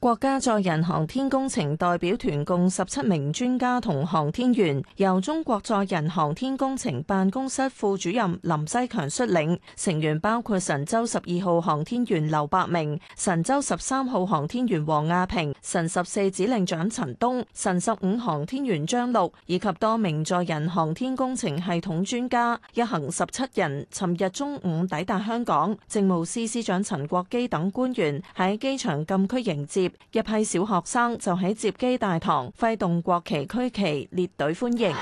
國家載人航天工程代表團共十七名專家同航天員，由中國載人航天工程辦公室副主任林西強率領，成員包括神舟十二號航天員劉伯明、神舟十三號航天員王亞平、神十四指令長陳東、神十五航天員張陸以及多名載人航天工程系統專家，一行十七人，尋日中午抵達香港，政務司司長陳國基等官員喺機場禁區迎接。一批小學生就喺接機大堂揮動國旗、區旗列隊歡迎。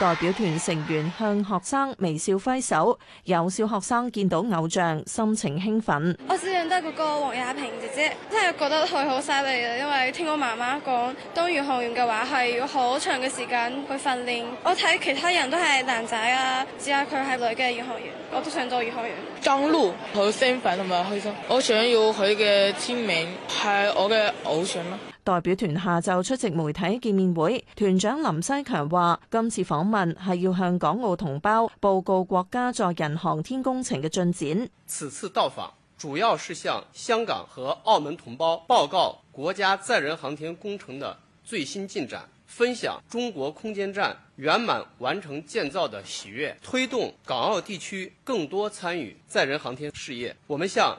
代表團成員向學生微笑揮手，有小學生見到偶像，心情興奮。我只認得嗰個王亞平姐姐，真係覺得佢好犀利啊！因為聽我媽媽講，當宇航員嘅話係要好長嘅時間去訓練。我睇其他人都係男仔啊，只係佢係女嘅宇航員，我都想做宇航員。張璐好興奮同埋開心，我想要佢嘅簽名，係我嘅偶像咯。代表團下晝出席媒體見面會，團長林西強話，今次訪問係要向港澳同胞報告國家載人航天工程嘅進展。此次到訪，主要是向香港和澳門同胞報告國家載人航天工程的最新進展，分享中國空間站圓滿完成建造的喜悅，推動港澳地區更多參與載人航天事業。我們向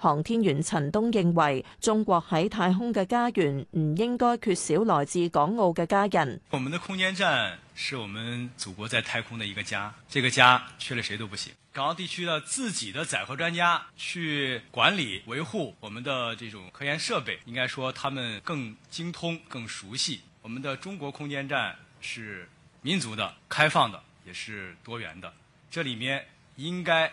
航天員陳冬認為，中國喺太空嘅家園唔應該缺少來自港澳嘅家人。我們的空間站是我們祖國在太空的一個家，這個家缺了誰都不行。港澳地區的自己的載荷專家去管理維護我們的這種科研設備，應該說他們更精通、更熟悉。我們的中國空間站是民族的、開放的，也是多元的，這裏面應該。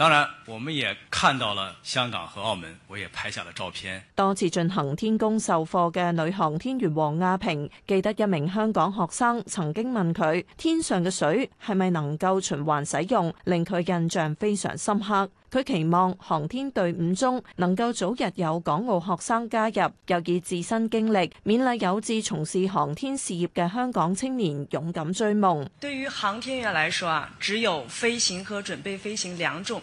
當然，我們也看到了香港和澳門，我也拍下了照片。多次進行天宮授課嘅女航天員王亞平，記得一名香港學生曾經問佢：天上嘅水係咪能夠循環使用？令佢印象非常深刻。佢期望航天隊伍中能夠早日有港澳學生加入，又以自身經歷勉勵有志從事航天事業嘅香港青年勇敢追夢。對於航天員來說啊，只有飛行和準備飛行兩種。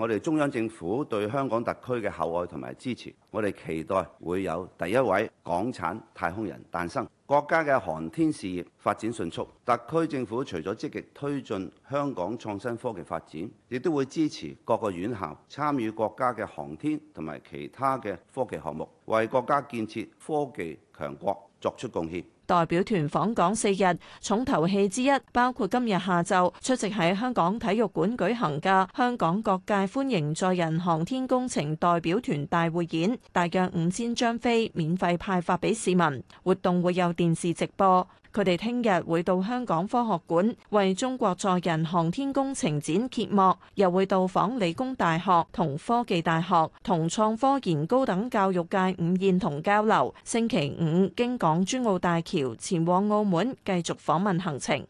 我哋中央政府對香港特區嘅厚愛同埋支持，我哋期待會有第一位港產太空人誕生，國家嘅航天事業發展迅速。特區政府除咗積極推進香港創新科技發展，亦都會支持各個院校參與國家嘅航天同埋其他嘅科技項目，為國家建設科技強國作出貢獻。代表團訪港四日，重頭戲之一包括今日下晝出席喺香港體育館舉行嘅香港各界歡迎載人航天工程代表團大匯演，大約五千張飛免費派發俾市民，活動會有電視直播。佢哋聽日會到香港科學館為中國載人航天工程展揭幕，又會到訪理工大學同科技大學同創科研高等教育界午宴同交流。星期五經港珠澳大橋前往澳門，繼續訪問行程。